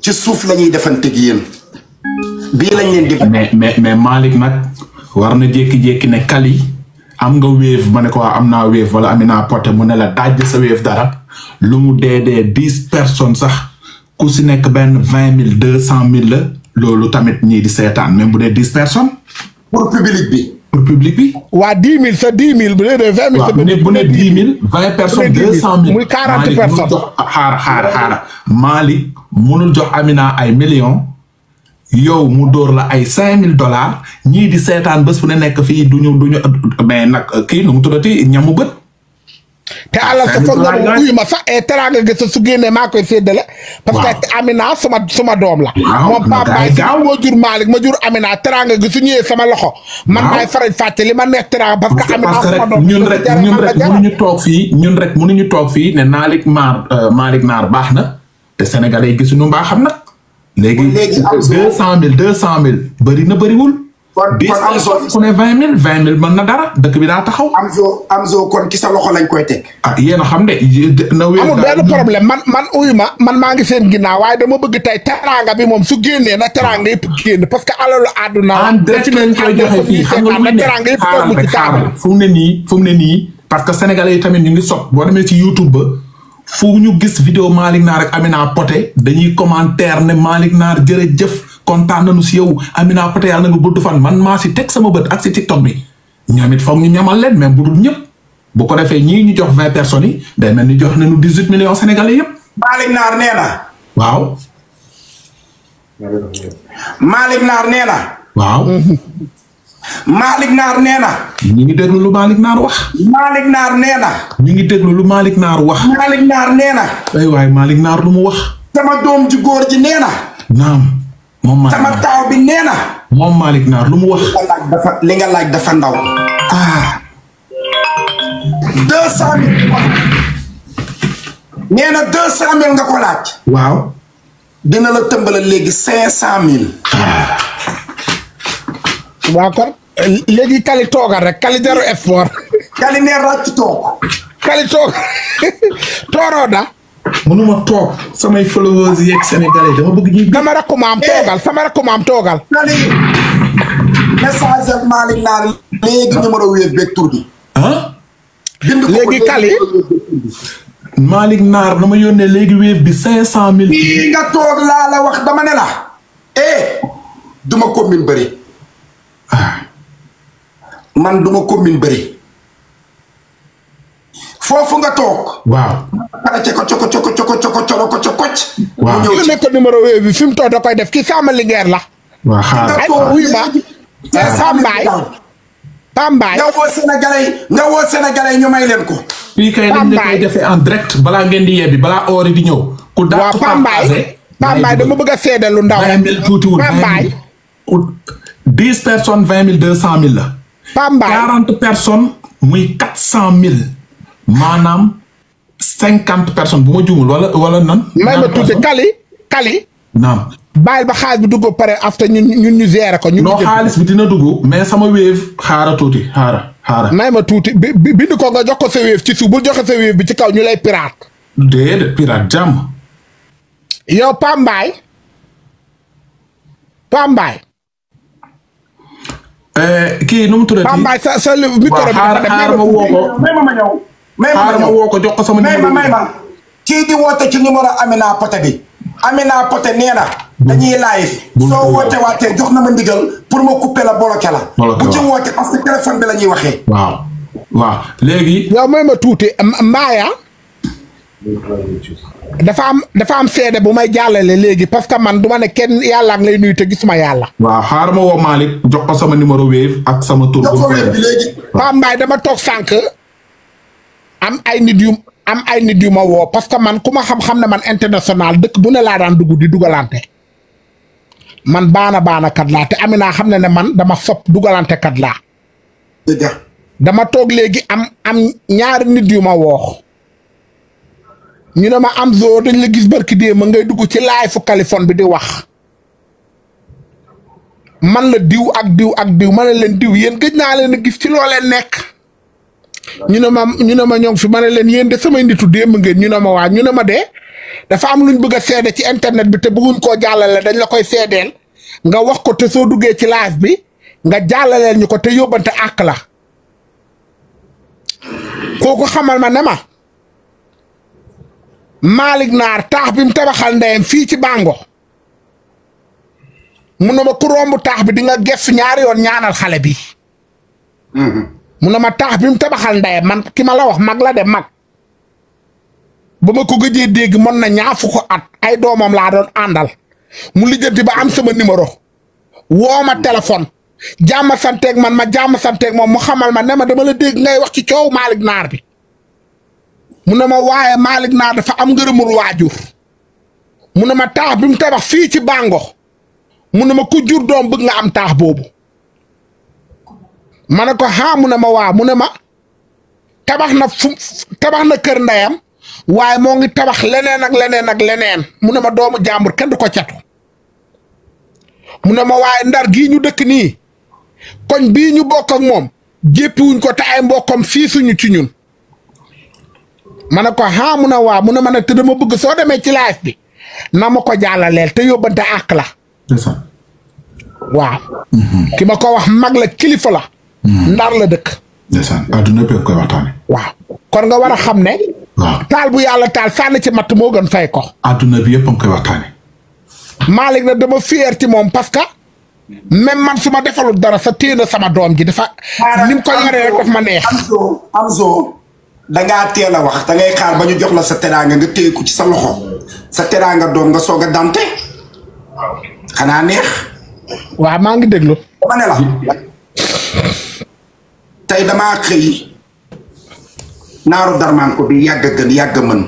ci suuf la ñuy defanteeg yéen. bii lañ leen di. mais mais mais Malick nag war na jékki-jékki ne Kali am nga Wave ma ne ko am na Wave wala am naa porté mu ne la daaj sa Wave dara lu mu dee dee dix personne sax ku si nekk benn vingt mille deux cent mille la loolu tamit ñii di seetaan même bu dee dix personnes. pour public bi. pour public bi. waa dix mille sa dix mille bu dee vingt mille. sa bu ne bu ne dix mille vingt personnes deux cent mille. muy quarante personnes xaar xaar xaar Malick mënul jox Amina ay millions. yow mu dóor la ay cinq mille dollars ñii di seetaan bés fu ne nekk fii du ñu du ñu mais nag kii nu mu tuddati ñamu bët. te alal sa foog nga wuyu ma sax e teraanga gi sa su génnee maa koy séddale parce que Amina suma suma doom la moom Pape Baye si jur Malick ma jur Amina teraanga gi su ñëwee sama loxo man maay faral fàtte li ma neex teraanga parce que Amina suma doom ñun rek toog fii ñun rek mënuñu toog fii ne Malick Mar euh, Malick Naar baax na te sénégalais gisuñu mbaa xam na léegi deux cent mille deux cent mille bëri na bëriwul kon kon mille vingt mille na dara dëkk bi daa taxaw. Amzo Amzo kon sa loxo lañ koy teg. ah yéen a xam ne na man man ma man maa ngi seen ginnaaw waaye dama bëgg tey moom su génnee na teraanga yëpp génn parce que alalu àdduna. en direct lañ nga lu ne teraanga yëpp toog mu fu ne nii fu ne nii parce que sénégalais yi tamit ñu ngi sopp boo demee ci YouTube ba. fu ñu gis vidéo Malick Naar ak Amina Poté dañuy commentaire ne Malick Naar jërëjëf kontaan nañu si yow Amina Poté yàlla na nga gudd fan man maa si teg sama bët ak si TikTok bi ñoom it foog ñu ñamal leen même bu dul ñëpp bu ko defee ñii ñu jox vingt personnes yi day mel ni jox nañu dix huit millions sénégalais yëpp. Malick Naar nee na. waaw. Malick Naar nee na. waaw. Malick Naar nee na. ñu ngi déglu lu Malick Naar wax. Malick Naar nee na. ñu ngi déglu lu Malick Naar wax. Malick Naar nee na. ay waay Malick Naar lu mu wax. sama doom ju góor ji nee na. naam. moom taaw bi nee na. moom Malick Naar lu mu wax. li nga laaj dafa ndaw. ah. deux cent mille. nga ko waaw. dina la tëmbale léegi cinq cent mille. Ah. waa kon léegi Kali toogal rek Kali jaru effort. Kali nee ràcc toog. Kali toog tooroo mënuma toog samay followers yeeg Sénégalais dama bëgg ñu. sama rakk ma eh! toogal sama rakk toogal. message ak Malick Naar léegi numéro wéef beeg tur bi. ah. léegi Kali. Malick Naar dama yónnee léegi wéef bi cinq cent mille. fii nga toog laa la wax dama ne la. Eh, duma commune bëri. Ah. man foofu nga toog. waaw. ko ca ko ca ko ca ko ko ca waaw mu nekk numéro wéy bi fi mu toog da koy def ki Kaama Linguère la. waaw xaaral aywa wuy ma. Pambaay Pambaay. nga woo Sénégalais nga woo Sénégalais ñu may leen ko. fii kay dañ koy defee en direct balaa ngeen di yebbi balaa oori di ñëw. ku daa ko Pambaay Pambaay dama bëgg a seedal lu ndaw. vingt mille tuutiwul Pambaay. dix personnes vingt mille deux cent mille la. Pambaay quarante personnes muy quatre cent mille. maanaam cinquante personnes bu ma juumul wala wala nan. may ma tuuti kali kali. naam. bàyyil ba xaalis bi dugg pare after ñun ñun ñu gérer ko. ñu non xaalis bi dina dugg. mais sama wéef xaara tuuti xaara xaara. may ma tuuti bi bind ko nga jox ko sa wéef ci suuf jox joxe sa wéef bi ci kaw ñu lay pirate. déedéet pirate jàmm. yow Pambaay. Pambaay. Eh, kii nu mu tuddati. Pambaay sa sa micro bi dafa dem. waaw xaar xaar ma woo ko. may ma ma woo ko jox ko sama numéro may ma kii di woote ci numéro Amina Poté bi Amina Poté nee na dañuy live soo woote waatee jox na ma ndigal pour ma couper la bloqué la bu ci woote parce téléphone bi la ñuy waxee waaw waaw léegi yow may ma tuuti mbaaya dafa am dafa am seede bu may jàllale léegi parce que man du ma ne kenn yàlla ngi lay nuyu te gisuma yàlla. waaw xaaral ma woo Malick jox ko sama numéro wave ak sama tur. bi léegi. Pape Mbaye dama toog sànq am ay nit yu am ay nit yu ma parce que man ku ma xam-xam ne man international dëkk bu ne laa daan dugg di dugalante man baana baana kat laa te Amina xam ne ne man dama sopp dugalante kat laa. dama toog léegi am am ñaari nit yu ma woox ñu ne ma am zoo dañ la gis barki dee ma ngay dugg ci laay fu kalifon bi di wax man la diw ak diw ak diw ma ne leen diw yéen gëj naa leen gis ci loo nekk. ñu ne ma ñu ne ma ñoom fi ma leen yéen de samay nitu démb ngeen ñu ne ma waa ñu ne ma de dafa am luñ bëgg a seede ci internet bi te bëgguñ koo jàllale dañ la koy seedeel nga wax ko te soo duggee ci laas bi nga jàllaleel ñu ko te yóbbante àq la kooku xamal ma ne ma Malick Naar taax bi mu tabaxal ndeyam fii ci Bango mu ne ma ku romb taax bi di nga gëstu ñaari yoon ñaanal xale bi. Mm-hmm. mu ne ma taax bi mu tabaxal ndeyam man ki ma la wax mag la dem mag ba ma ko gëjee dégg mën na ñaar fukk at ay doomam laa doon àndal mu lijjanti ba am sama numéro woo ma téléphone jàmm santeeg man ma jàmm santeeg moom mu xamal ma ne ma dama la dégg ngay wax ci coow Malick Naar bi mu ne ma waaye Malick Naar dafa am ngërëmul waajur mu ne ma taax bi mu tabax fii ci Bango mu ne ma ku jur doom bëgg nga am taax boobu. ma ne ko xaa mu ne ma waa mu ne ma tabax na fu tabax na kër ndeyam waay moo ngi tabax leneen ak leneen ak leneen mu ne ma doomu jàmbur kenn du ko catu mu ne ma waaye ndar gii ñu dëkk nii koñ bii ñu bokk moom jéppiwuñ ko te ay mbokkam fii suñu ci ñun ma ne ko xaa mu ne waa mu ne ma ne te dama bëgg soo demee ci live bi na ma ko jàllaleel te yóbbante àq la waaw mhm. ki ma ko wax mag la kilifa la Mm. ndar la dëkk. ndeysaan adduna waaw kon nga war a xam ne. taal bu yàlla taal sànni ci matt moo gën fay ko. adduna bi yëpp a ngi koy waxtaane. Malick nag dama fier ci moom parce que. même man su ma defalul dara sa téena sama doom ji dafa. ni mu ko yoree rek ma neex. Amzo Amzo da ngaa teel a wax dangay xaar ba ñu jox la sa teraanga nga téye ko ci sa loxo sa teraanga doom nga soog a dante xanaa neex. waaw maa ngi déglu. dama tey dama xëy naaru darmaan ko bi yàgg gën yàgg mën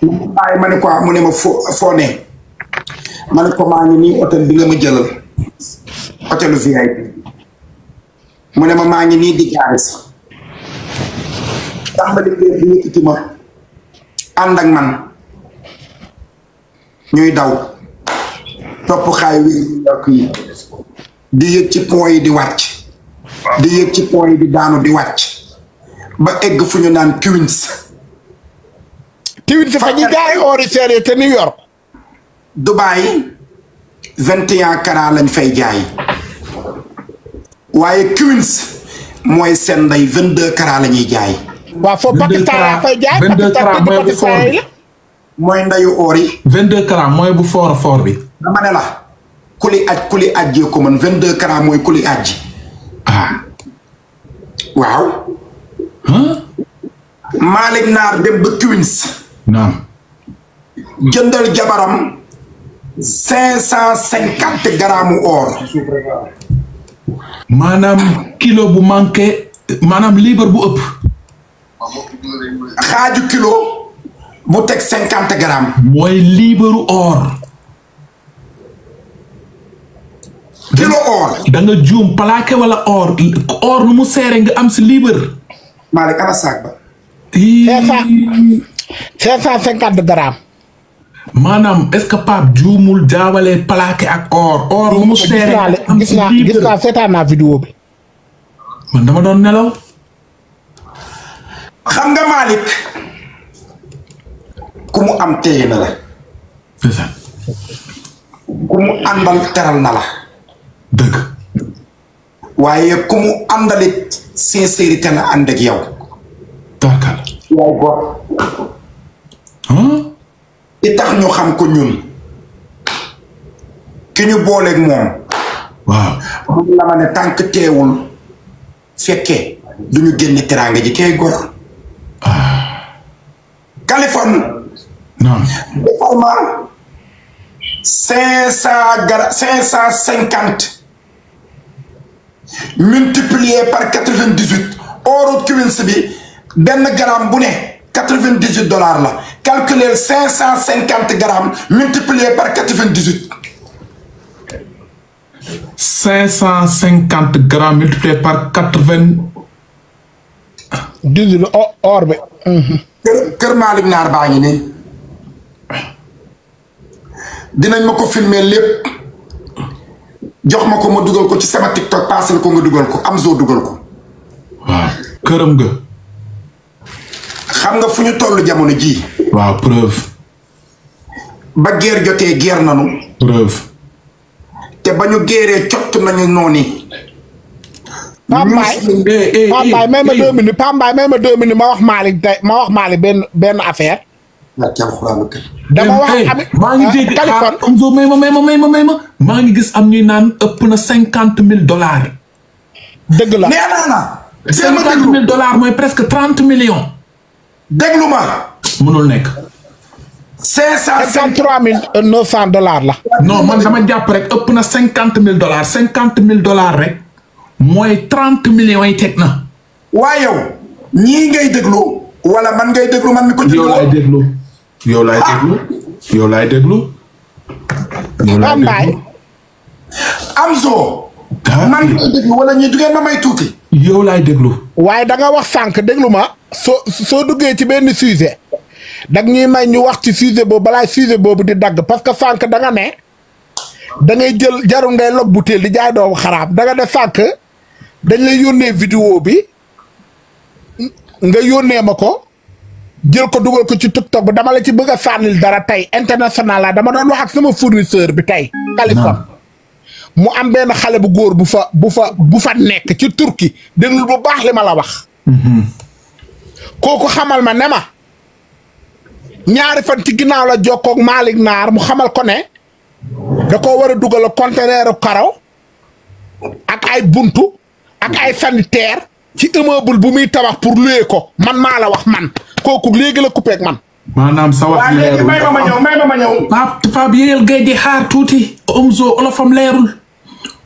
mu ma ne ko mu ne ma fo foo ne ma ne ko maa ngi nii hôtel bi nga ma jëlal hôtelu VIP mu ne ma maa ngi nii di gaari si tàmbali léer bi ma ànd man ñuy daw topp xaay wi yokk yi di yëg ci point yi di wàcc di yëg ci point yi di daanu di wàcc ba egg fu ñu naan Queens Queens fa ñu jaay ori seere te New York Dubaï vingt et un carats lañ fay jaay waaye Queens mooy seen ndey vingt deux carats la ñuy jaay waaw foofu Pakistan laa fay jaay mooy bu foor vingt deux carats mooy bu foor foor bi dama ne la kuli aj kuli ajjee ko man 22 carats mooy kuli ajji ah waaw. Malick Naar dem ba naam. jëndal jabaram cinq cent cinquante grammes kilo bu manqué maanaam liibar bu ëpp. xaaju kilo bu teg cinquante mooy liibaru or. kilo or. juum plaqué wala oor or lu mu seere nga am si libre. Malick ana saag ba. maanaam est-ce que Pape juumul jaawale plaqué ak or. or lu mu seere nga seetaan naa vidéo bi. man dama doon nelaw. xam nga Malick. ku mu am téye teral na la. dëgg waaye ku mu àndalit sincérité la ànd ak yow ñu xam ko ñun ki ñu booleek moom waaw moom la ne tànk teewul fekkee du ñu génn teraanga ji kay gor ah. Californie non cinq cent gar cinq cent cinquante multiplié par quatre-vingt-dix-huut ooru cuins bi benn gramme bu ne quatre-vingt-dix-huit dollars la calculer cinq cent cinquante grammes multiplié par quatre-vingt-dix-huit. cinq par quatre-vingt. dix-huit oh, bi. kër kër Malick Naar baa dinañ ma ko filmer lépp. jox ma ko ma dugal ko ci sama TikTok paase la ko nga dugal ko am zoo dugal ko. waaw këram nga. xam nga fu ñu toll jamono jii. waaw preuve. ba guerre jotee guerre nanu. preuve. te ba ñu guerree cott nañu noonu. Pambaay eh, eh, Pambaay eh, may ma deux minutes Pambaay may ma deux minutes ma wax Malick tey ma wax Malick benn benn affaire. barke alxuraanu kër. dama wax maa ngi ah, dégg ah Omzo may ma may ma maa ngi gis am ñuy naan ëpp na cinquante mille dollars. dëgg la nee naa mooy presque trente millions. lu ma. mënul nekk. cinq cent cinquante trois mille euh, neuf cent dollars la. non man dama jàpp rek ëpp na cinquante mille dollars cinquante mille dollars mooy trente millions yi teg na. waaye yow ñii ngay déglu wala man ngay déglu man mi ko. yow laay déglu. yow laay déglu yow laay déglu. yow laay déglu Amzo. man ngay déglu wala may tuuti. yow laay déglu. waaye da nga wax sànq déglu ma. soo soo duggee ci benn sujet. dag ñuy may ñu wax ci sujet boobu balaa sujet boobu di dagg parce que sànq da nga ne. da jël jarul ngay log butéel di jaay doomu xaraam da nga ne sànq. dañ lay yónnee vidéo bi. nga yónnee ma ko. jël ko dugal ko ci TikTok bi dama la ci bëgg a sànnil dara tey international la dama doon wax ak sama fournisseur bi tey. Kalifon mu am na xale bu góor bu fa bu fa bu fa nekk ci Turquie déglul bu baax li ma la wax. Mhm. kooku xamal ma ne ma ñaari fan ci ginnaaw la jokkoog Malick Naar mu xamal ko ne da koo war a dugal conteneur karaw ak ay buntu ak ay saniteer ci immeuble bu muy tawax pour louer ko man maa la wax man. kooku léegi la coupé ak man. maanaam sa wax leerul may ma ma ñëw may ma ma ñëw. Pape Pape yéyal gay di xaar tuuti. Omzo olofam leerul.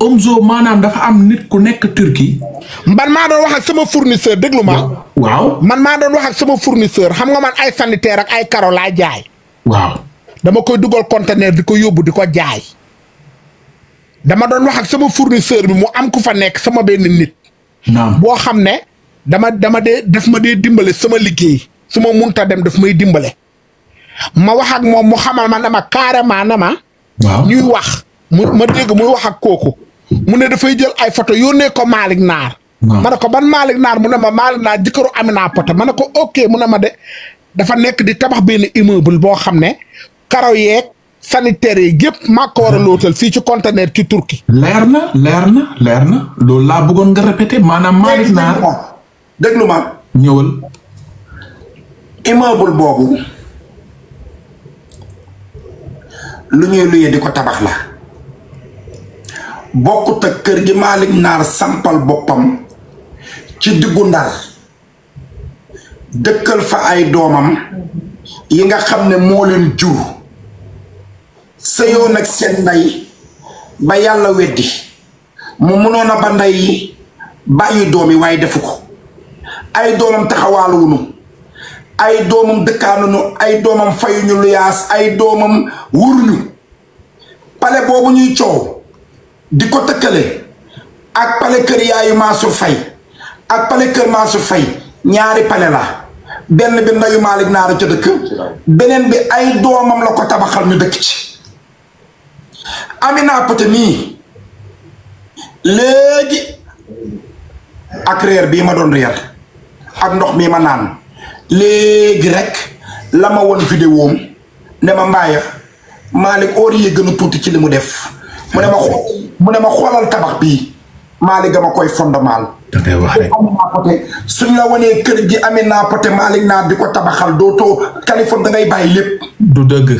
Omzo maanaam dafa am nit ku nekk Turquie. man maa doon wax ak sama fournisseur déglu ma. waaw man maa doon wax ak sama fournisseur xam nga man ay sanitaire ak ay karo laa jaay. waaw dama koy dugal conteneur di ko yóbbu di ko jaay. dama doon wax ak sama fournisseur bi mu am ku fa nekk sama benn nit. naam boo xam ne dama dama dee daf ma dee dimbale sama liggéey. su ma munta dem daf may dimbale ma wax ak moom mu xamal ma ne ma carrément ne ma. ñuy wax mu ma dégg muy wax kooku mu ne dafay jël ay photo yónnee ko Malick Naar. ma ne ko ban Malick Naar mu ne ma Malick Naar jëkkëru Amina Poté ma ne ko ok mu ne ma de dafa nekk di tabax benn immeuble boo xam ne karo yeeg sanitaire yi gépp maa ko war a lootal si ci conteneur ci turki leer na leer na leer na loolu laa bëggoon nga répété maanaam Malick Naar déglu ma ñëwal. immeuble boobu lu ñuy luye di ko tabax la bokkut ak kër gi Malick Naar sampal boppam ci diggu Ndar dëkkal fa ay doomam yi nga xam ne moo leen jur sëyoon ak seen ndey ba yàlla weddi mu mënoon a ba ndey bàyyi doom yi waaye defu ko ay doomam taxawaaluwunu ay doomam dëkkaanuñu ay doomam fayuñu luyaas ay doomam wuruñu pale boobu ñuy coow di ko tëkkale ak pale kër yaayu Mansour Faye ak pale kër Mansour Faye ñaari pale la benn bi ndayu Malick Naar ca dëkk beneen bi ay doomam la ko tabaxal nu dëkk ci Amina Poté mii léegi ak reer bii ma doon reer ak ndox mii ma naan léegi rek la ma woon vidéo am ne ma mbaaya Malick Ory yi gën tuuti ci li mu def mu ne ma mu ne ma xoolal tabax bii Malick ga ma koy fondamaal dangay wax la wanee kër gi Amina Poté Malick naa di ko tabaxal doo too Kaliphone da ngay bàyyi lépp du dëgg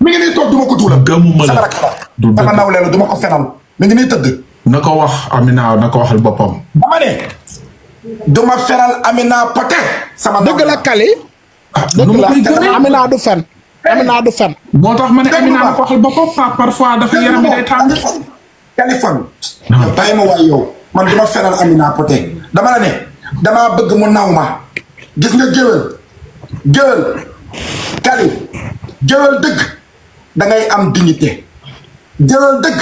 mu ngi nii toog du ma ko tuulal la du sama nawle du ma ko fenal mi ngi nii tëdd na ko wax Amina na ko waxal boppam dama ne duma feral Amina Poté. sama dëgg la Kali. Ah, la Amina du fen. Amina du fen. moo tax ma ne Amina ma waay yow man duma feral Amina Poté dama la ne damaa bëgg mu naw ma gis nga géwél géwél Kali géwél dëgg da am dignité géwél dëgg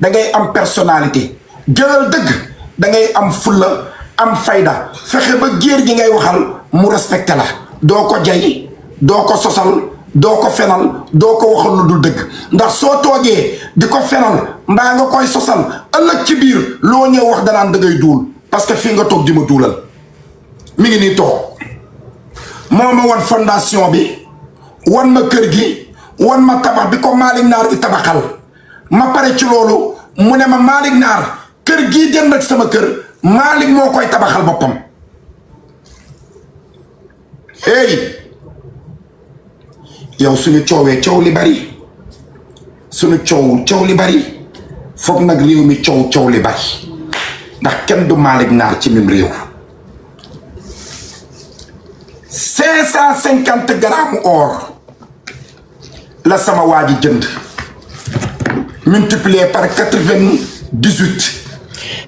da am personnalité géwél dëgg da am fulla. am fayda fexe ba géer gi ngay waxal mu respecté la doo ko jay doo ko sosal doo ko fenal doo ko waxal lu dul dëgg ndax soo toogee di ko fenal mbaa nga koy sosal ëllëg ci biir loo ñëw wax danaan dangay duul parce que fii nga toog di ma duulal mu ngi nii toog moo ma wan fondation bi wan ma kër gi wan ma tabax bi ko Malick Naar di tabaxal ma pare ci loolu mu ne ma Malick Naar kër gi jënd ak sama kër Malick moo koy tabaxal boppam hey yow suñu coowee coow li bari suñu coow coow li bari foog nag réew mi coow coow li bari ndax kenn du Malick Naar ci même réew cinq cent cinquante grammes or la sama waa ji jënd multiplié par quatre-vingt-dix-huit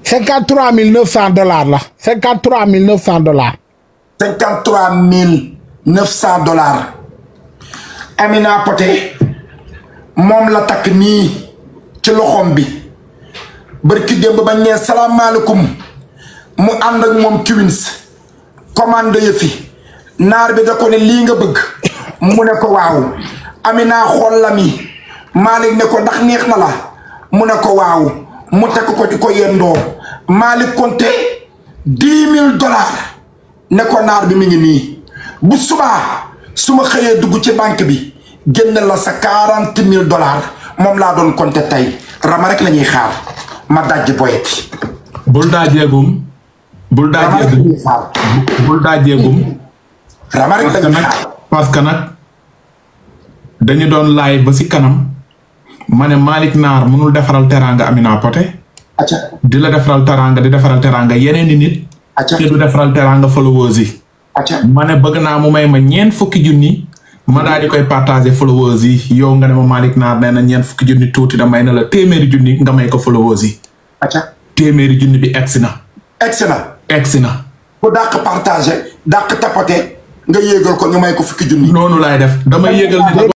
cinquante mille neuf cent la cinquante trois mille neuf cent dollars. cinquante trois mille neuf moom la takk nii ci loxoom bi barki démb ba ñee salaamaaleykum mu ànd ak moom Twins commande yëfi naar bi da ko ne lii nga bëgg mu ne ko waaw Amina xool la mi ne ko ndax neex na la mu ne ko waaw. mu takk ko di ko yendoo Malick Konte dix mille dollars ne ko naar bi mi ngi nii bu subaa su ma xëyee dugg ci banque bi génn la sa quarante mille dollars moom laa doon compter tey rama rek la ñuy xaar ma dajji boyeti bul daajeegum bul daajeegum bul rama rek la xaar parce que nag dañu doon laay ba si kanam ma ne Malick Naar mënul defaral teraanga Amina Poté di la defaral teraanga di defaral teraanga yeneen i nit te du defaral teraanga followers yi ma ne bëgg naa mu may ma ñeent fukki junni ma daal di koy partagé followers yi yow nga ne ma Malick Naar nee na ñeent fukki junni tuuti da may na la téeméeri junni nga may ko followers yi téeméeri junni bi egsi na egsi na egsi na bu dàq partagé dàq tapoté nga yéegal ko nga may ko fukki junni noonu laay def damay yéegal